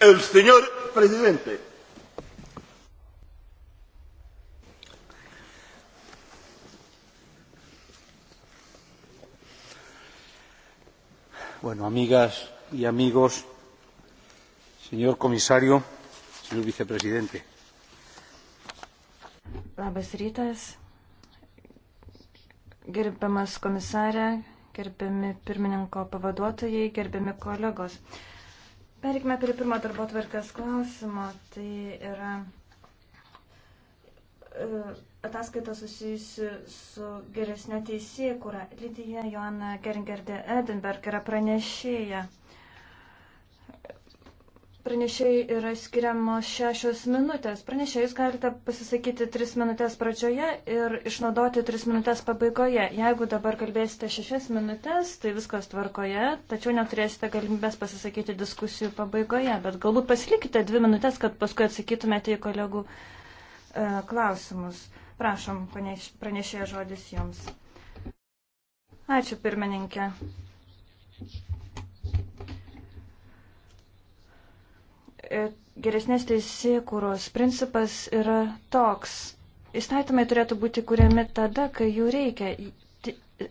el señor presidente. Bueno, amigas y amigos, señor comisario, señor vicepresidente. Labas rytas, gerbiamas komisarė, gerbiami pirmininko pavaduotojai, gerbiami kolegos. Perikime prie pirmo darbo tvarkės klausimo. Tai yra e, ataskaita susijusi su geresnio teisėjai, kurą Lydija Joana Geringerdė Edinberg yra pranešėja pranešėjai yra skiriamos šešios minutės. Pranešėjus galite pasisakyti tris minutės pradžioje ir išnaudoti tris minutės pabaigoje. Jeigu dabar kalbėsite šešias minutės, tai viskas tvarkoje, tačiau neturėsite galimybės pasisakyti diskusijų pabaigoje. Bet galbūt pasilikite dvi minutės, kad paskui atsakytumėte į kolegų e, klausimus. Prašom, pranešėjo žodis jums. Ačiū pirmininkė. geresnės teisėkūros principas yra toks. Įstatymai turėtų būti kuriami tada, kai jų reikia.